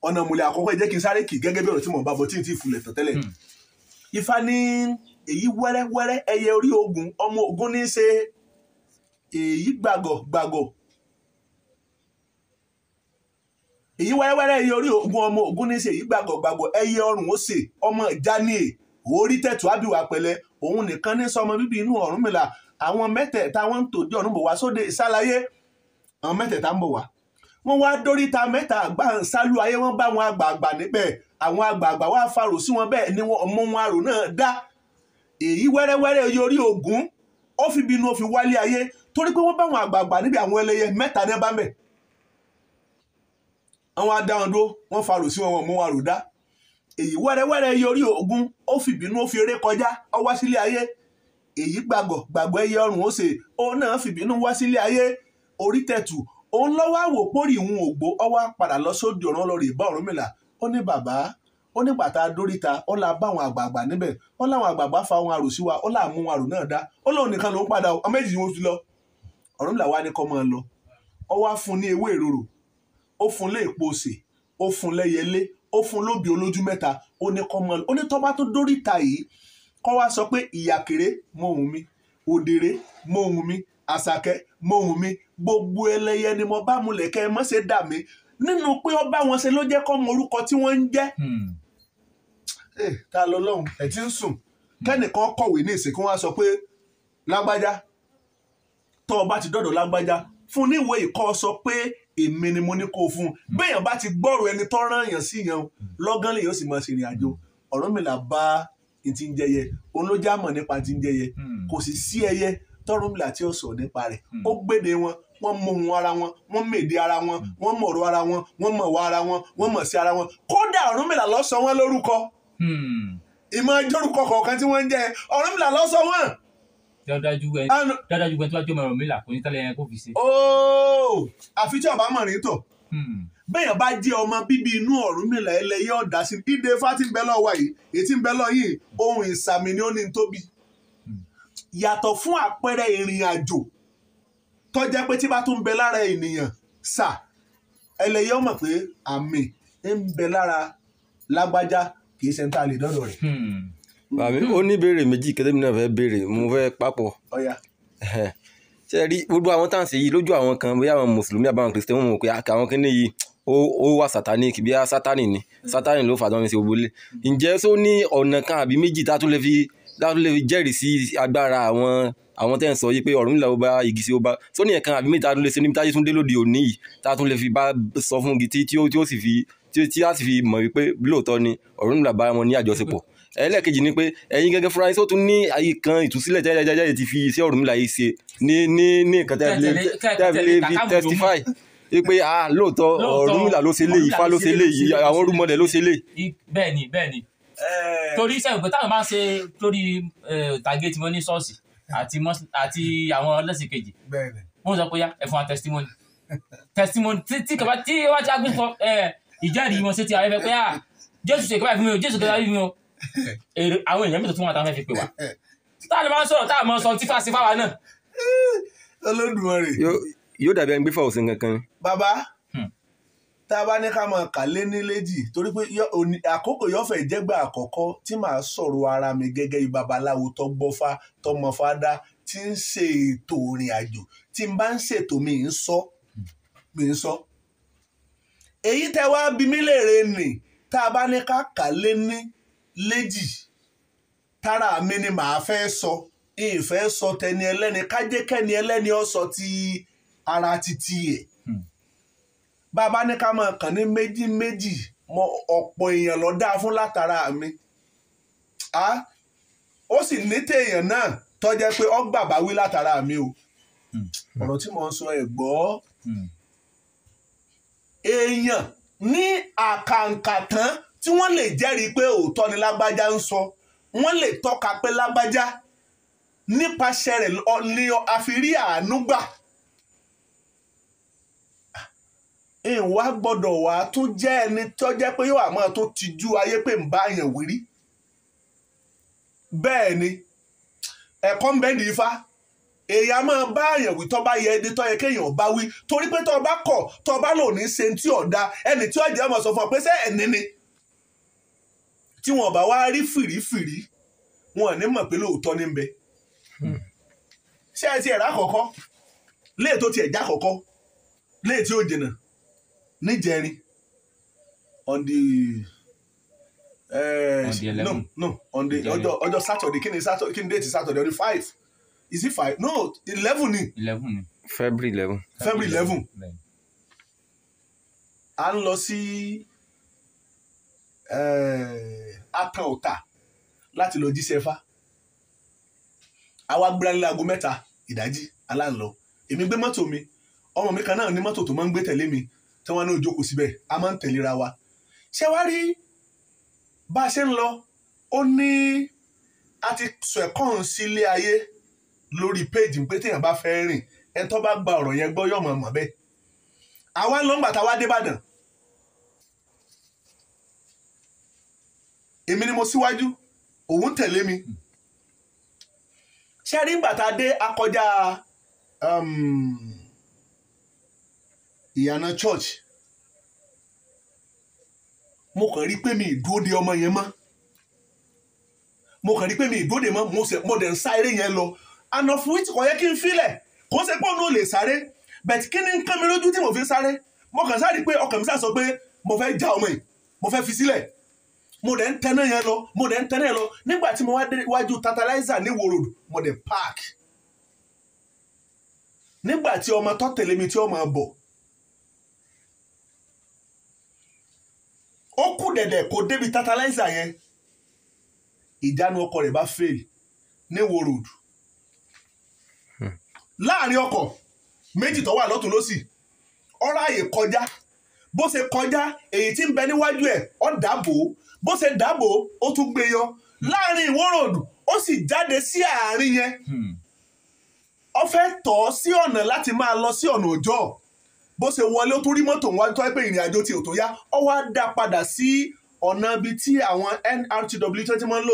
ọ̀nà múlẹ̀ àkọ́kọ́ ẹ jẹ́ kí n sáré kì gẹ́gẹ́ bí ọ̀rọ̀ tí mò ń bá bọ̀ tí n ti fulẹ̀ tán tẹ́lẹ̀. Hmm. ifá ní èyí wẹ́rẹ́wẹ́rẹ́ ẹyẹ orí ogun ọmọ ogun ní í ṣe èyí gbàgọ̀ gbàgọ̀ èyí wẹ́rẹ́wẹ́rẹ́ ẹyẹ orí ogun ọmọ ogun ní í ṣe èyí gbàgọ̀ gbàgọ̀ ẹyẹ ọrùn ó ṣe ọmọ ìjáníè orí tẹ̀tù ábíwá pẹ̀lẹ́ òun nìkan ní sọmọ bíbí inú Ọ̀rúnmìlà àwọn mẹ́tẹ̀ẹ̀ta wọ́n ń tòjú ọ̀run bọ̀ wá sóde ìsàlàyé àwọn mẹ́tẹ̀ẹ̀ta ń bọ̀ wá wọ́n wá dóríta mẹ́ta àgbà ń sálú ayé wọ́n bá wọn àgbààgbà níbẹ̀ àwọn àgbààgbà wá farò sí wọn bẹ́ẹ̀ ni wọn ọmọ wọn àrò náà dá èyí wẹ́rẹ́wẹ́rẹ́ yorí ogun ó fi bínú ó fi wálé ayé torí pé wọ́n bá wọn àgbààgbà níbi àwọn ẹlẹ́yẹ mẹ́ta ní bá mẹ́ àwọn adáwọn dúró wọ́n farò sí wọn wọn mú wọn àrò dá èyí wẹ́rẹ́wẹ́rẹ́ yorí ogun ó fi bínú ó fi eré kọjá ó sílé ayé èyí gbàgọ̀ gbàgbọ́ ẹyẹ ọrùn ó ṣe òun náà fìbínú wá sílé ayé orí tẹ̀tù òun lọ́wọ́ àwò pórì ìhun ògbó ọwọ́ padà lọ sódì ọ̀run lọ rè bá Ọ̀rúnmìlà ó ní bàbá ó ní bàtà dóríta ó la bá àwọn àgbààgbà níbẹ̀ ó láwọn àgbààgbà fa ohun àrò sí wa ó láà mú ohun àrò náà dá ó lóun nìkan ló ń padà ọ méjì ni wọ́n fi lọ Ọ̀rúnmìlà wá ní kọ́ máa lọ ó wá fún ní ewé ìrorò ó fún léèpo òsè ó fún lẹ́yẹlé ó fún lóbi olójú mẹ́ta ó ní kọ́ máa lọ ó ní tọ́ bá tó dóríta yìí kọ́ wá sọ pé ìyàkéré mohùn mi òdèrè mohùn mi àṣàkẹ́ mohùn mi gbogbo ẹlẹ́yẹ ni mo bá múlẹ̀ kẹ́ ẹ mọ́ ṣe dà mí nínú pé ó bá wọn ṣe ló jẹ́ kọ́ mọ orúkọ tí wọ́n ń jẹ́ hmm. ta lọ lọ́hùn ẹ̀ ti ń sùn hmm. kẹ́nìkan kọ̀wé ní ìsìnkú wá sọ pé lágbájá tó o bá ti dọ̀dọ̀ lágbájá fún níwèé ìkọ́ sọ pé èmi ni mo ní kó o fún un hmm. béèyàn bá ti gbọ́rọ̀ ẹni tó rán èèyàn sí yẹn lọ́gán lèèyàn sì máa ṣèrìn àjò Ọ̀rúnmìlà bá ti ń jẹyẹ òun já mọ̀ nípa ti ń jẹyẹ hmm. kò sì sí ẹyẹ tọrùmìlà tí ó sọ nípa rẹ̀ hmm. ó gbéde wọn wọ́n mọ ohun ara wọn wọ́n mèdè hmm. ara wọn wọ́n mọ ara wọn wọ́n mọ ìwà ara wọn wọ́n mọ sí ara wọn kódà ọ̀rúnmìlà ló sọ lórúkọ ìmọ̀ ìjórúkọ kọ̀ọ̀kan tí wọ́n ń jẹ ọ̀rúnmìlà ló sọ wọ́n. dájú ẹni tó bá jọ mọ̀ràn mi kò ní tẹ́lẹ̀ yẹn kó fi ṣe. ooo àfi tí ọba mọ̀ rí tọ̀ Hmm. bẹ́ẹ̀ bá jẹ́ ọmọ bíbí inú Ọ̀rúnmìlà ẹlẹ́yẹ ọ̀dà sí ìdè ifá tí ń bẹ lọ́wọ́ yìí èyí tí ń bẹ lọ́ yìí ohun ìsàmì ni ó ní tóbi hmm. yàtọ̀ fún àpẹẹrẹ ìrìn àjò tó jẹ́ pé tí bá tún ń bẹ lára ènìyàn sà ẹlẹ́yẹ ó mọ̀ pé àmì ń bẹ lára lágbájá kì í ṣe ń tà lè dọ́dọ̀ rẹ̀. Hmm. bàbá ó ní ìbéèrè méjì kẹ́tẹ́mi fẹ́ béèrè mo fẹ́ papọ̀. ọ̀ya ṣe rí gbogbo àwọn tá à ń ṣe yìí lójú àwọn kan bóyá àwọn mùsùlùmí àbáwọn kìrìsìtẹ́nì wọn mọ̀ pé ah, àwọn kíní yìí ó wà sátánìkì bí i sátánì ni mm. sátánì ló fà tán fi ṣe gbogbo lé ǹjẹ́ só ní ọ̀nà kan àbí méjì tá a tún lè fi tá a tún lè fi jẹ́rìí sí agbára àwọn àwọn tẹ́ ń sọ yìí pé ọ̀run nílà ọba igi sí ọba sóní ẹ̀kan àbí méjì tá a tún lè ṣe níbi táyé tún dé lóde òní yìí tá a tún lè fi bá sọ fún igi tí ó sì fi tí a sì fi mọ̀ wípé lóòótọ́ ni ọ̀rọ̀ nígbà bára wọn ní àjọṣepọ̀ ẹlẹ́ẹ̀kejì ni pé ẹ̀yin gẹ́gẹ́ fúnra yín tó tún ní àyè kan ìtúsílẹ̀ jẹ́jẹ́jẹ́ ti fi iṣẹ́ Ọ̀rúnmìlà yìí ṣe ní ní ní nǹkan tẹ́ẹ̀fìlẹ́ fi testify pé ah lóòótọ́ Ọ̀rúnmìlà ló ṣe léyìí Ifá ló ṣe léyìí àwọn olùmọ̀lẹ̀ ló ṣe léyìí. bẹ́ẹ̀ni bẹ́ẹ̀ni torí sẹ́yìn pé táwọn máa ń ṣe lórí tàgé tí wọ́n ní ṣọ́ọ̀ṣì àti àwọn ọlọ́sìn kejì wọ́n sọ pé yá ẹ fún wa testimony testimony tí kàbá tí wọ́n ti agbésọ ìjáde wọn sétí àwọn ẹfẹ pé à ah, jésù ṣe kíláà fún mi o jésù kíláà fún mi o èrè àwọn èèyàn mẹ́ta tó wọn àtàwọn fẹ́ fi pè wá táà ló máa ń sọ̀rọ̀ táà mọ sọ tífà sí fáwa náà. Olódùmarè. yóò dàbí ẹni gbé fọwọ́sí kankan. bàbá hmm. tá a bá ní ká máa kà lé ní léjì torí pé àkókò yọ̀fẹ̀ jẹ́gbà àkọ́kọ́ tí màá sọ̀rọ̀ ara mi gẹ́gẹ́ bí babaláwo tó gbọ́fá tó mọ̀fádá tí ń ṣe ètò ìrìn àjò tí n bá ń ṣètò mi ń sọ mi ń sọ èyí tẹ wá bí mí léèrè nì tá a bá ní ká kà lé ní léjì tára mi ni màá fẹ́ sọ ìfẹ́ sọ tẹni ẹlẹ́ni kájékẹ́ni ẹlẹ́ni ó sọ ti ara ti tiẹ̀ bàbá hmm. ní ká máa kàn ní méjì méjì mọ ọ̀pọ̀ èèyàn lọ dáa fún látara mi ó sì ní téèyàn náà tó pé ó gbàgbà wí látara mi o hmm. ọ̀rọ̀ tí mò ń sọ ẹ̀ gbọ́ hmm èèyàn ní àkàǹkà tán tí wọ́n lè jẹ́rìí pé òótọ́ ni lágbájá ń sọ wọ́n lè tọ́ka pé lágbájá nípasẹ̀ rẹ̀ ni a fi rí àánú gbà. ìwà gbọ́dọ̀ wà tún jẹ́ ẹni tó jẹ́ pé yóò àmọ́ tó ti ju ayé pé ń bá yàn wírí. bẹ́ẹ̀ ni ẹ̀kọ́ ń bẹ́ẹ̀ ní ifá èèyàn máa bá àyàn wí tọ́ba yẹ ẹni tọ́ yẹ kéèyàn bá wí torí pé tọ́ba kọ̀ tọ́ba lò ní ṣe tí ọ̀dà ẹni tí ọ̀jẹ̀ ọmọ sọ fún ọ pé ṣé ẹni ni tí wọn bá wá rí fìrífìrí wọn ní mọ̀ pé lóòótọ́ ní bẹ ṣé ẹ ti ẹ̀rá kọ̀ọ̀kọ́ léè tó ti ẹ̀já kọ̀ọ̀kọ́ léè tí ó jìnnà níjẹrin on the uh, on the on the ọjọ́ ọjọ́ Saturday kí ni Saturday kí ni date Saturday on the five is it five no eleven ni. eleven ni. february eleven. february eleven. a ń lọ sí eh, akan ọ̀tà láti lọ jíṣẹ́ fá àwa gbéra nílẹ̀ aago mẹ́ta ìdájí aláǹlọ èmi gbé mọ́tò mi ọmọ mi kan náà ní mọ́tò tó máa ń gbé tẹ̀lé mi tí wọ́n náà jókòó síbẹ̀ a máa ń tẹ̀léra wa ṣé wàá rí bá a ṣe ń lọ ó ní a ti sọ ẹ̀kọ́ ń sílé ayé lórí péèjì pé téèyàn bá fẹ́ rìn ẹ tó bá gba ọ̀rọ̀ yẹn gbọ́ yọ̀mọ̀ mọ̀ bẹ́ẹ̀ àwa ń lọ ńgbà tá a wá dé Ìbàdàn èmi ni mo síwájú òun tẹ̀lé mi ṣé rí ńgbà tá a dé akọjá um, ìyànà church mo kàn rí pé mi ìdúró de ọmọ yẹn mọ́ mo kàn rí pé mi ìdúró de mọ́ mo dẹ̀ ń sá eré yẹn lọ àna fún ìtìkọ yẹ kí n filẹ̀ kó ṣe pé òun ò lè sáré bẹ̀tí kí ni ń kán mi lójú tí mo fi sáré mo kàn sáré pé ọkàn mi sá sọ pé mo fẹ́ já ọmọ yìí mo fẹ́ fi sílẹ̀ mo dẹ̀ ń tẹ́nà yẹn lọ mo dẹ̀ ń tẹ́nà yẹn lọ nígbà tí mo wá dé iwájú tantalizer ní wo road mo dẹ̀ park nígbà tí ọmọ tó tẹ̀lé mi tí ó máa bọ̀ ó kù dẹ̀dẹ̀ kò débi tantalizer yẹn ìjánu ọkọ rẹ̀ bá fail ní wo láàrin ọkọ̀ méjì tó wà lọ́tún lọ́sì ọ̀rọ̀ àyè kọjá bó ṣe kọjá èyí tí ń bẹ níwájú ẹ̀ ó dàbò bó ṣe dàbò ó tún gbé yọ láàrin ìwóròdù ó sì jáde sí àárín yẹn hmm. ó fẹ́ tọ̀ ọ́ sí ọ̀nà láti máa lọ sí ọ̀nà òjọ́ bó ṣe wọlé ó tún rí mọ́tò wọn tó pé ìrìn àjò tí ò tó yá ó wá dá padà sí ọ̀nà ibi tí àwọn NRTW tí wọ́n ti máa ń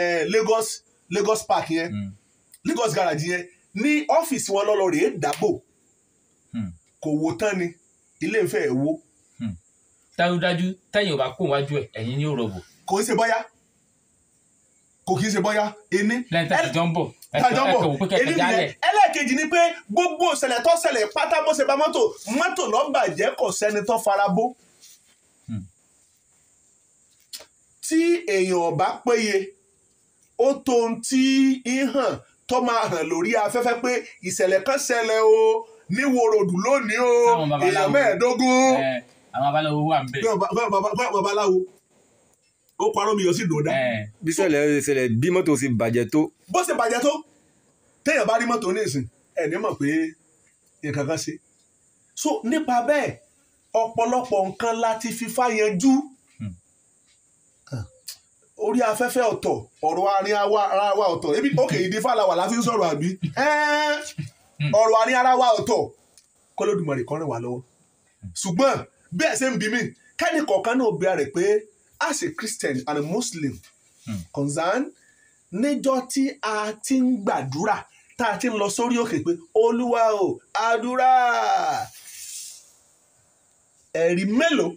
eh, Lagos Lagos Park yẹn hmm. Lagos garage yẹn ní ọ́fíìsì wọn lọ́lọ́ rèé dàbò hmm. kò wo tán ni ilé ìfẹ́ ẹ̀ wo. Hmm. dájúdájú tẹ́yìn ò bá kó wájú ẹ̀ ẹ̀yìn ni ó rọ̀bọ̀. kò ń ṣe bọ́yá kò kì í ṣe bọ́yá ení. lẹ́yìn tá a jọ ń bọ̀ ẹlẹ́ẹ̀kejì ni pé gbogbo ìṣẹ̀lẹ̀ tó ṣẹlẹ̀ pátá bó ṣe bá mọ́tò mọ́tò ló bàjẹ́ kò sẹ́ni tó farabó. Hmm. tí èèyàn ò bá péye ó tó ohun tí ń hàn tó máa hàn lórí afẹ́fẹ́ pé ìṣẹ̀lẹ̀ kan ṣẹlẹ̀ o ní wòròdù lónìí o èèyàn mẹ́ẹ̀ẹ́dógún. àwọn babaláwo wà ń bẹ. bẹ́ẹ̀ babaláwo ó parọ́ mi yọ sí dòdá. bí ṣẹlẹ̀ ṣẹlẹ̀ bí mọ́tò ṣe bàjẹ́ tó. bó ṣe bàjẹ́ tó téèyàn bá rí mọ́tò nísìn ẹ̀ ní mọ̀ pé nǹkan kan ṣe. so nípa bẹ́ẹ̀ ọ̀pọ̀lọpọ̀ nǹkan láti fi fáyanjú orí afẹ́fẹ́ ọ̀tọ̀ ọ̀rọ̀ àárín ara wa ọ̀tọ̀ ebi òkè ìdí fàlàwà láti ń sọ̀rọ̀ àbí ọ̀rọ̀ àárín ara wa ọ̀tọ̀ kọ́lódùmarè kan ràn wá lọ́wọ́ ṣùgbọ́n bí ẹ̀ ń bí mi kẹ́ni kọ̀ọ̀kan náà bí a rẹ̀ pé as a Christian and a Muslim mm. concern níjọ́ tí a ti ń gbàdúrà tá a ti ń lọ sórí òkè pé olúwa o àdúrà ẹ̀rí mélòó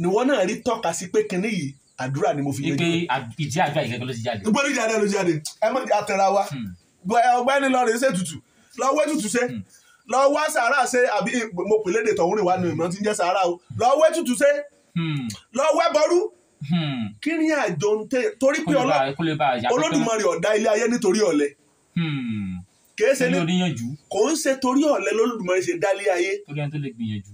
ni wọ́n náà rí tọ́ka sí pé kinní yìí àdúrà ni mo fi yé. ipe ìdí àdúrà ìgbẹ́gbẹ́ ló ti jáde. ìgbẹ́ ló ti jáde ló ti jáde ẹ mọ̀ àtẹ̀ra wa hmm. ọgbẹ́ni lọ́ọ̀rẹ́ ṣe tutù lọ́wọ́ tutù ṣe hmm. lọ́wọ́ sàárà ṣe àbí mo pè léde tọ̀hún rìn wá ní ìmọ̀ tí ń jẹ́ sàárà o lọ́wọ́ tutù ṣe hmm. lọ́wọ́ bọ́rú kí ni àjọ ń tẹ torí pé Olódùmarè ọ̀dá ilé ayé nítorí ọ̀lẹ kì í ṣe ní kò ń ṣe torí ọ̀lẹ lÓlódùmarè ṣe dá ilé ayé torí ẹni tó lè gbìyànjú.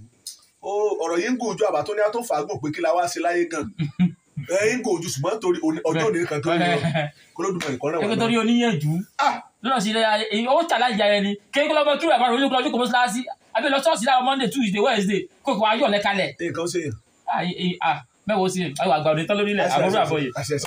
ọ̀rọ̀ yìí ń gùn ojú àbá tó ní a tó fàágùn pé kí la wá ṣe láyé gan-an ẹ ń gòjú ṣùgbọ́n torí ọjọ́ òní kan tó ń lọ kó ló dùn ẹ̀kọ́ náà wà. nítorí oníyànjú ah! lọ́nà sí ilẹ̀ ó tà láì jáde ni kí ló bá kírò àbárò olókùnrin kò mọ́ síláàsì àbí lọ sọ́ọ̀sì láwọn monday tuesday wednesday kó kó ayọ̀ lẹ́kalẹ̀. nǹkan ṣe mẹ́wọ́ sí ah, i ah, àgbà òní tán lórílẹ̀ àbúrò àbọ̀yè.